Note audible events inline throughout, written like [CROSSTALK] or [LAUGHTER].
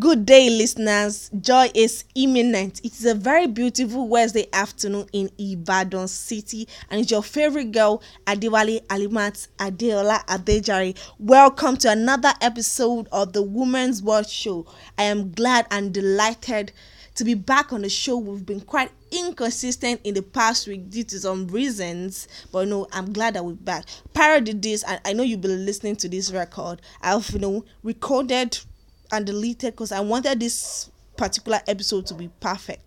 Good day, listeners. Joy is imminent. It is a very beautiful Wednesday afternoon in Ibadan City, and it's your favorite girl, Adiwali Alimat Adeola Adejari. Welcome to another episode of the Women's World Show. I am glad and delighted to be back on the show. We've been quite inconsistent in the past week due to some reasons, but no, I'm glad that we're back. Parodied this, and I know you've been listening to this record. I've you know recorded and deleted because I wanted this particular episode to be perfect.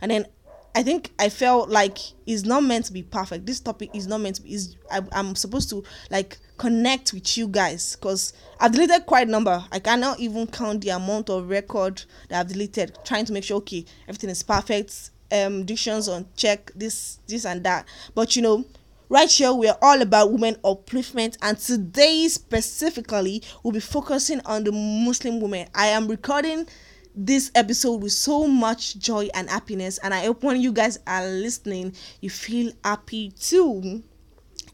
And then I think I felt like it's not meant to be perfect. This topic is not meant to be. Is I'm supposed to like connect with you guys because I've deleted quite a number. I cannot even count the amount of record that I've deleted. Trying to make sure okay everything is perfect. Um, dictions on check this this and that. But you know Right here, we are all about women upliftment, and today specifically, we'll be focusing on the Muslim women. I am recording this episode with so much joy and happiness, and I hope when you guys are listening, you feel happy too.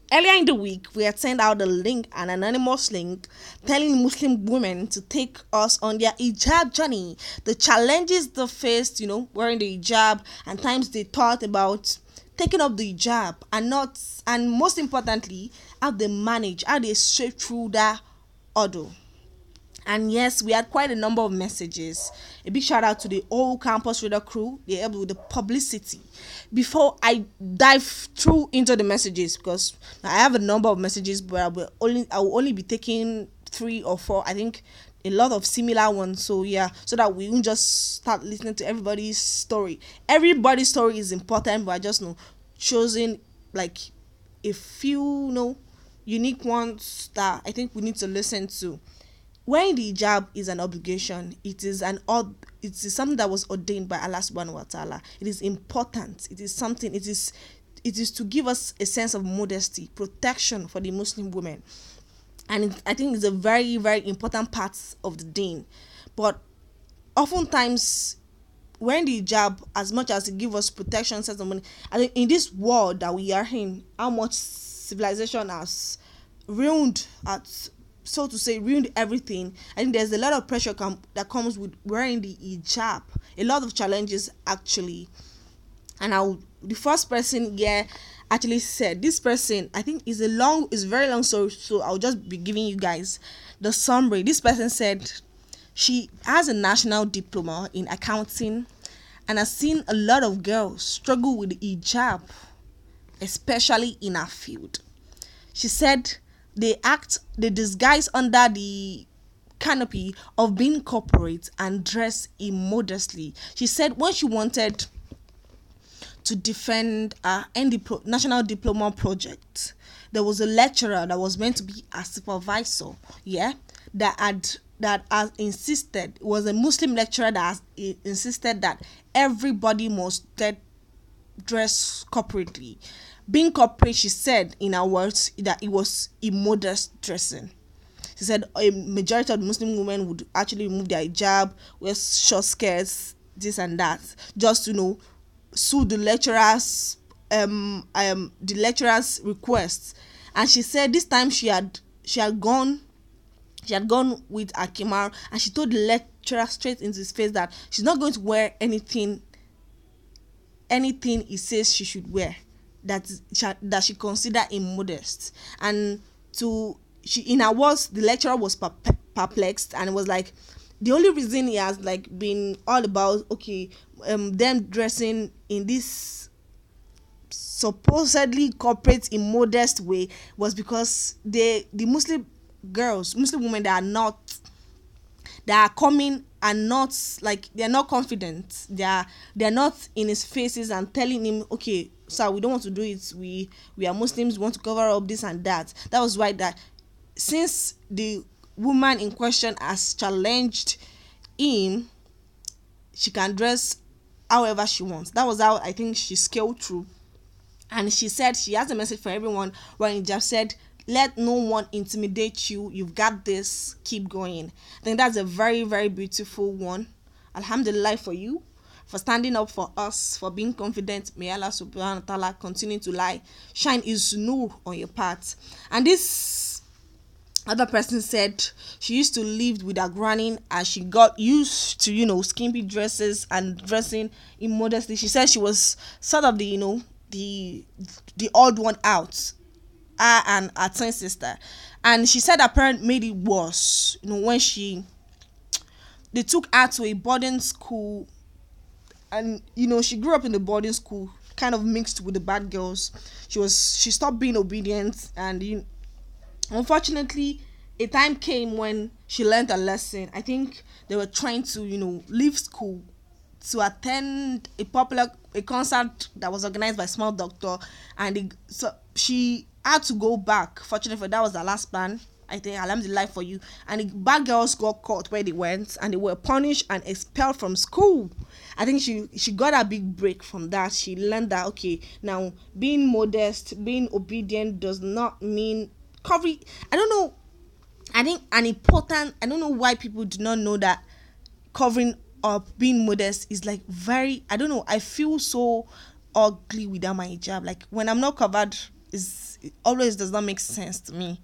Earlier in the week, we had sent out a link, an anonymous link, telling Muslim women to take us on their hijab journey, the challenges they faced, you know, wearing the hijab, and times they thought about taking up the job and not and most importantly how they manage how they straight through that order. and yes we had quite a number of messages a big shout out to the whole campus reader crew they helped with the publicity before i dive through into the messages because i have a number of messages but i will only i will only be taking three or four i think a lot of similar ones so yeah so that we won't just start listening to everybody's story everybody's story is important but i just know choosing like a few you know unique ones that i think we need to listen to wearing the hijab is an obligation it is an odd it is something that was ordained by allah subhanahu wa ta'ala it is important it is something it is it is to give us a sense of modesty protection for the muslim women and I think it's a very very important part of the deen. But oftentimes, wearing the hijab, as much as it give us protection, says money, And in this world that we are in, how much civilization has ruined at so to say ruined everything i think there's a lot of pressure com- that comes with wearing the hijab a lot of challenges actually and i the first person here actually said this person i think is a long is very long so so i'll just be giving you guys the summary this person said she has a national diploma in accounting and has seen a lot of girls struggle with hijab especially in her field she said they act they disguise under the canopy of being corporate and dress immodestly she said when she wanted to defend our NDPro- National Diploma Project. There was a lecturer that was meant to be a supervisor, yeah, that had that has insisted was a Muslim lecturer that has insisted that everybody must dress corporately. Being corporate, she said in her words that it was immodest dressing. She said a majority of Muslim women would actually remove their hijab, wear short skirts, this and that, just to you know sue the lecturer's um, um the lecturer's request and she said this time she had she had gone she had gone with Akimaru and she told the lecturer straight into his face that she's not going to wear anything anything he says she should wear that she, that she consider immodest and to she in her words the lecturer was perplexed and was like the only reason he has like been all about okay um, them dressing in this supposedly corporate in modest way was because they the muslim girls muslim women that are not they are coming and not like they're not confident they are they're not in his faces and telling him okay sir we don't want to do it we we are muslims we want to cover up this and that that was why that since the woman in question has challenged him she can dress however she wants. That was how I think she scaled through. And she said she has a message for everyone where it just said, let no one intimidate you. You've got this. Keep going. I think that's a very, very beautiful one. Alhamdulillah for you, for standing up for us, for being confident. May Allah subhanahu wa ta'ala continue to lie, shine is nur on your path. And this other person said she used to live with her granny and she got used to you know skimpy dresses and dressing immodestly she said she was sort of the you know the the odd one out her and her twin sister and she said her parent made it worse you know when she they took her to a boarding school and you know she grew up in the boarding school kind of mixed with the bad girls she was she stopped being obedient and you unfortunately a time came when she learned a lesson i think they were trying to you know leave school to attend a popular a concert that was organized by small doctor and so she had to go back fortunately that was the last plan I think I the life for you. And the bad girls got caught where they went and they were punished and expelled from school. I think she she got a big break from that. She learned that okay, now being modest, being obedient does not mean curry. I don't know. I think an important. I don't know why people do not know that covering up, being modest is like very. I don't know. I feel so ugly without my hijab. Like when I'm not covered, is it always does not make sense to me.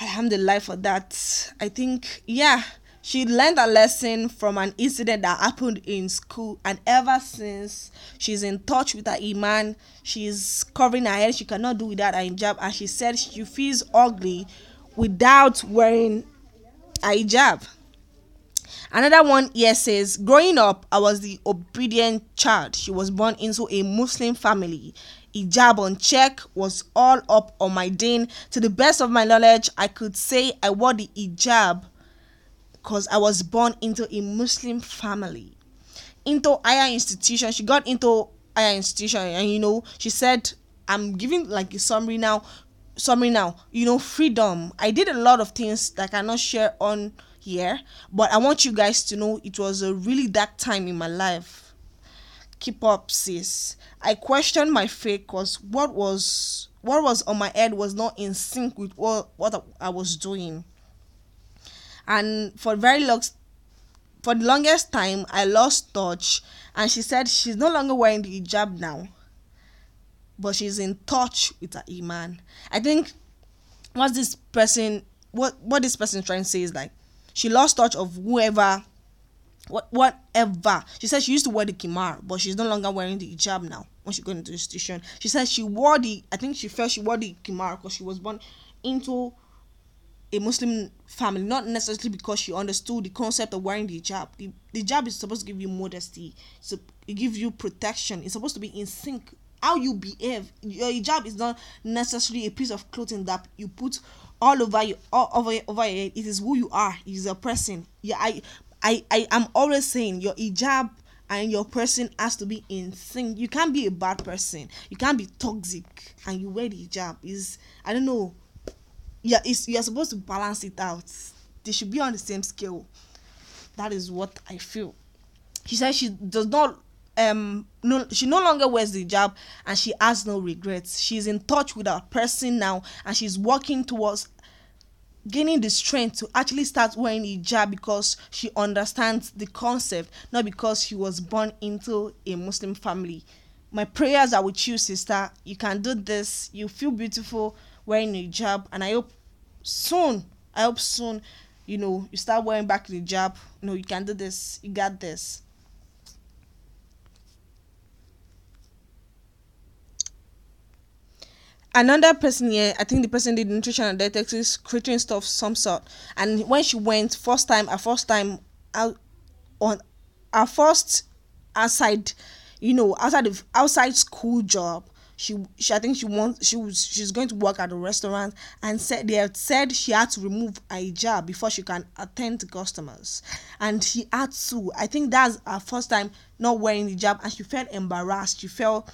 I'm the life of that. I think yeah. She learned a lesson from an incident that happened in school, and ever since she's in touch with her iman. She's covering her head; she cannot do without her hijab, and she said she feels ugly without wearing a hijab. Another one here says, Growing up, I was the obedient child. She was born into a Muslim family. Hijab on check was all up on my din. To the best of my knowledge, I could say I wore the hijab because I was born into a Muslim family, into higher institution. She got into higher institution, and you know, she said, "I'm giving like a summary now, summary now. You know, freedom. I did a lot of things that I cannot share on here, but I want you guys to know it was a really dark time in my life. Keep up, sis. I questioned my faith because what was what was on my head was not in sync with what, what I was doing and for very long for the longest time I lost touch and she said she's no longer wearing the hijab now but she's in touch with her iman. I think what this person what what this person trying to say is like she lost touch of whoever what whatever. She said she used to wear the kimar, but she's no longer wearing the hijab now when she got into the institution. She said she wore the I think she felt she wore the kimar because she was born into a Muslim family, not necessarily because she understood the concept of wearing the hijab. The, the hijab is supposed to give you modesty, so it gives you protection. It's supposed to be in sync. How you behave, your hijab is not necessarily a piece of clothing that you put all over you, all over over your head. It is who you are. It is a person. Yeah, I, I, I am always saying your hijab and your person has to be in sync. You can't be a bad person. You can't be toxic and you wear the hijab. Is I don't know yeah, it's, you're supposed to balance it out. They should be on the same scale. That is what I feel. She says she does not um no she no longer wears the hijab and she has no regrets. She's in touch with her person now and she's working towards gaining the strength to actually start wearing hijab because she understands the concept, not because she was born into a Muslim family. My prayers are with you, sister. You can do this. You feel beautiful wearing a hijab, and I hope soon, I hope soon, you know, you start wearing back the hijab. You know, you can do this. You got this. another person here, I think the person did nutrition and dietetics, is creating stuff some sort. And when she went first time, her first time on her first outside, you know, outside of outside school job, she, she I think she wants she was she's going to work at a restaurant and said they had said she had to remove a hijab before she can attend customers and she had to I think that's her first time not wearing hijab and she felt embarrassed she felt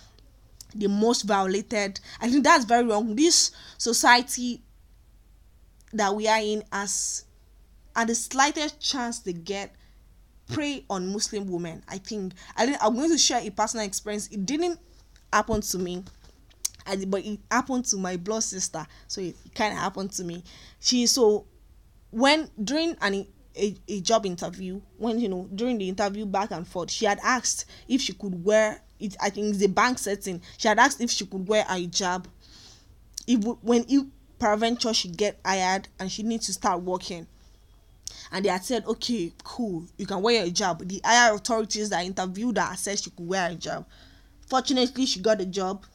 the most violated I think that's very wrong this society that we are in as at the slightest chance they get prey on Muslim women I think I think I'm going to share a personal experience it didn't happened to me but it happened to my blood sister so it kind of happened to me she so when during an a, a job interview when you know during the interview back and forth she had asked if she could wear it i think it's a bank setting she had asked if she could wear a hijab if when if peradventure she get hired and she needs to start working and they had said okay cool you can wear your hijab the higher authorities that interviewed her said she could wear a hijab Fortunately, she got a job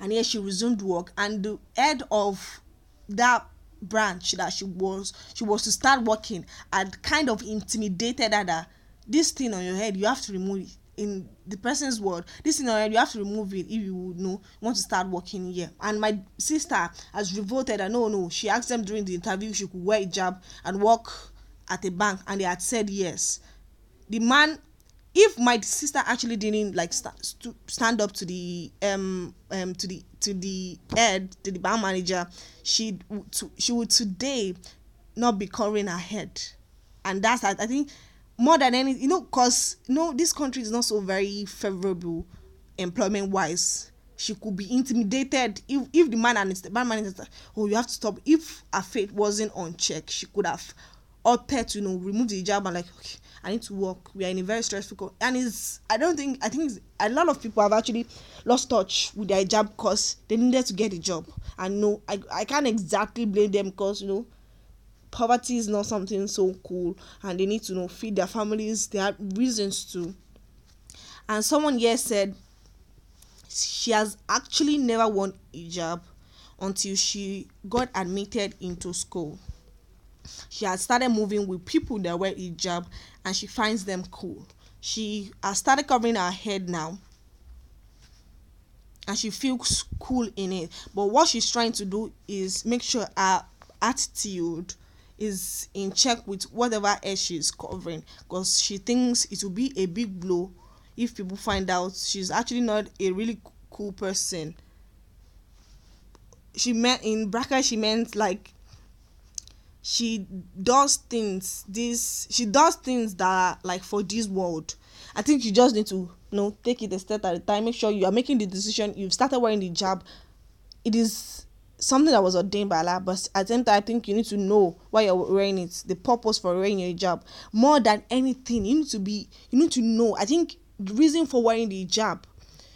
and here she resumed work. And the head of that branch that she was she was to start working had kind of intimidated her that this thing on your head you have to remove it in the person's word this thing on your head you have to remove it if you know want to start working here and my sister has revolted and no no she asked them during the interview she could wear a job and work at a bank and they had said yes the man if my sister actually didn't like st- st- stand up to the um um to the to the head to the bar manager she to, she would today not be covering her head and that's i think more than any you know because you know this country is not so very favorable employment wise she could be intimidated if if the man and the manager oh you have to stop if her faith wasn't unchecked she could have opted you know remove the job and like okay I need to work. We are in a very stressful co- and it's I don't think I think a lot of people have actually lost touch with their job because they needed to get a job. And no, I I can't exactly blame them because you know poverty is not something so cool and they need to you know feed their families. They have reasons to. And someone here said she has actually never won a job until she got admitted into school. She had started moving with people that were hijab and she finds them cool. She has started covering her head now and she feels cool in it. But what she's trying to do is make sure her attitude is in check with whatever else she's covering because she thinks it will be a big blow if people find out she's actually not a really cool person. She meant in bracket she meant like she does things this she does things that are like for this world i think you just need to you know take it a step at a time make sure you are making the decision you've started wearing the job. it is something that was ordained by allah but at the time i think you need to know why you're wearing it the purpose for wearing your job more than anything you need to be you need to know i think the reason for wearing the job,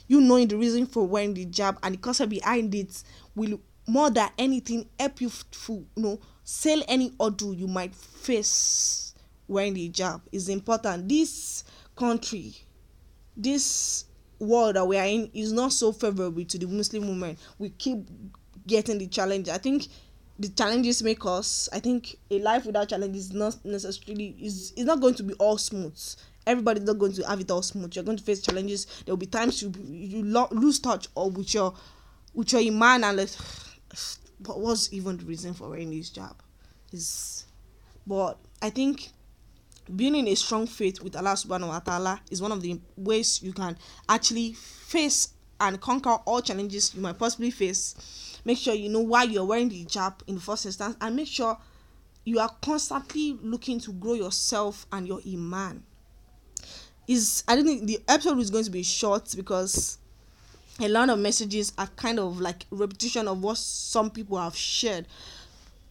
you knowing the reason for wearing the job and the concept behind it will more than anything help you f- f- you know sail any ordeal you might face wearing the hijab is important. This country, this world that we are in is not so favorable to the Muslim women. We keep getting the challenge. I think the challenges make us. I think a life without challenges is not necessarily is is not going to be all smooth. Everybody's not going to have it all smooth. You're going to face challenges. There will be times you you lo- lose touch or with your with your iman and like, [SIGHS] What what's even the reason for wearing this job? Is but I think being in a strong faith with Allah subhanahu wa ta'ala is one of the ways you can actually face and conquer all challenges you might possibly face. Make sure you know why you're wearing the job in the first instance and make sure you are constantly looking to grow yourself and your iman. Is I don't think the episode is going to be short because a lot of messages are kind of like repetition of what some people have shared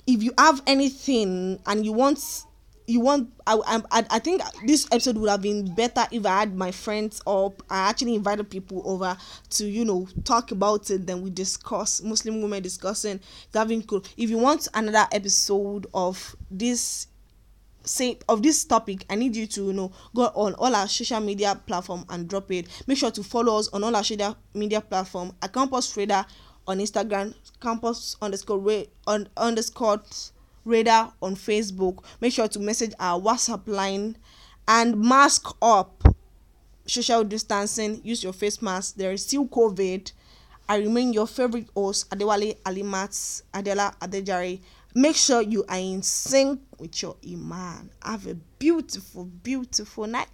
if you have anything and you want you want I, I i think this episode would have been better if i had my friends or i actually invited people over to you know talk about it then we discuss muslim women discussing having cool if you want another episode of this say of this topic i need you to you know go on all our social media platform and drop it make sure to follow us on all our social media platform at campus radar on instagram campus underscore ra- on underscore radar on facebook make sure to message our whatsapp line and mask up social distancing use your face mask there is still covid i remain your favorite host adewale alimat adela adejare Make sure you are in sync with your Iman. Have a beautiful, beautiful night.